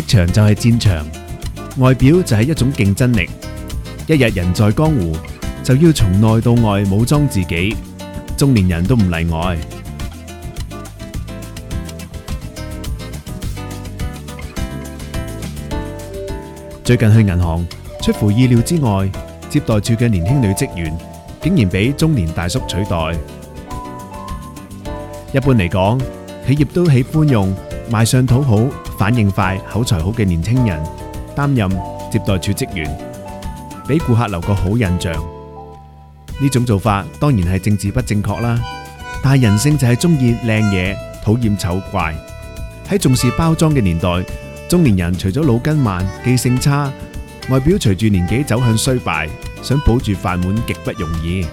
職場就係戰場，外表就係一種競爭力。一日人在江湖，就要從內到外武裝自己。中年人都唔例外。最近去銀行，出乎意料之外，接待處嘅年輕女職員竟然俾中年大叔取代。一般嚟講，企業都喜歡用賣相討好。反應快、口才好嘅年輕人擔任接待處職員，俾顧客留個好印象。呢種做法當然係政治不正確啦，但係人性就係中意靚嘢，討厭醜怪。喺重視包裝嘅年代，中年人除咗腦筋慢、記性差，外表隨住年紀走向衰敗，想保住飯碗極不容易。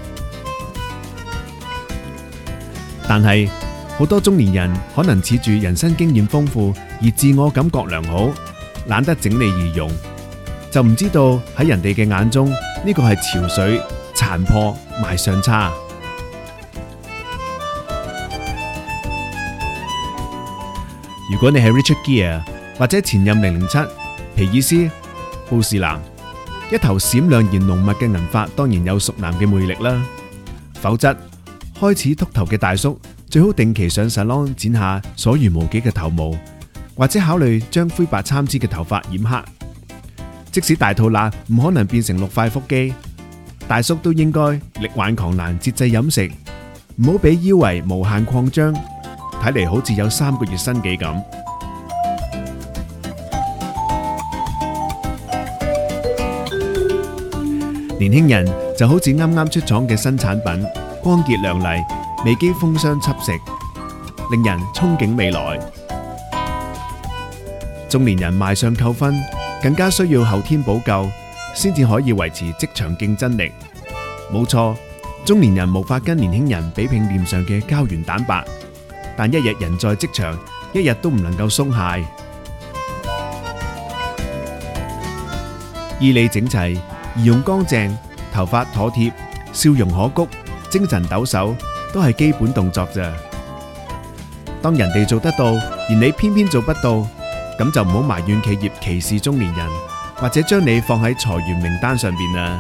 但係。好多中年人可能恃住人生經驗豐富而自我感覺良好，懶得整理儀容，就唔知道喺人哋嘅眼中呢、這個係憔悴殘破、賣相差。如果你係 Richard Gere 或者前任零零七皮爾斯布士南，一頭閃亮而濃密嘅銀髮當然有熟男嘅魅力啦。否則，開始禿頭嘅大叔，最好定期上沙龍剪下所餘無幾嘅頭毛，或者考慮將灰白參差嘅頭髮染黑。即使大肚腩唔可能變成六塊腹肌，大叔都應該力挽狂瀾，節制飲食，唔好俾腰圍無限擴張。睇嚟好似有三個月身紀咁。年輕人就好似啱啱出廠嘅新產品，光潔亮麗。未經風霜侵蝕，令人憧憬未來。中年人賣相扣分，更加需要後天補救，先至可以維持職場競爭力。冇錯，中年人無法跟年輕人比拼面上嘅膠原蛋白，但一日人在職場，一日都唔能夠鬆懈。衣履整齊，儀容乾淨，頭髮妥貼，笑容可掬，精神抖擻。都係基本動作咋。當人哋做得到，而你偏偏做不到，咁就唔好埋怨企業歧視中年人，或者將你放喺裁員名單上邊啦。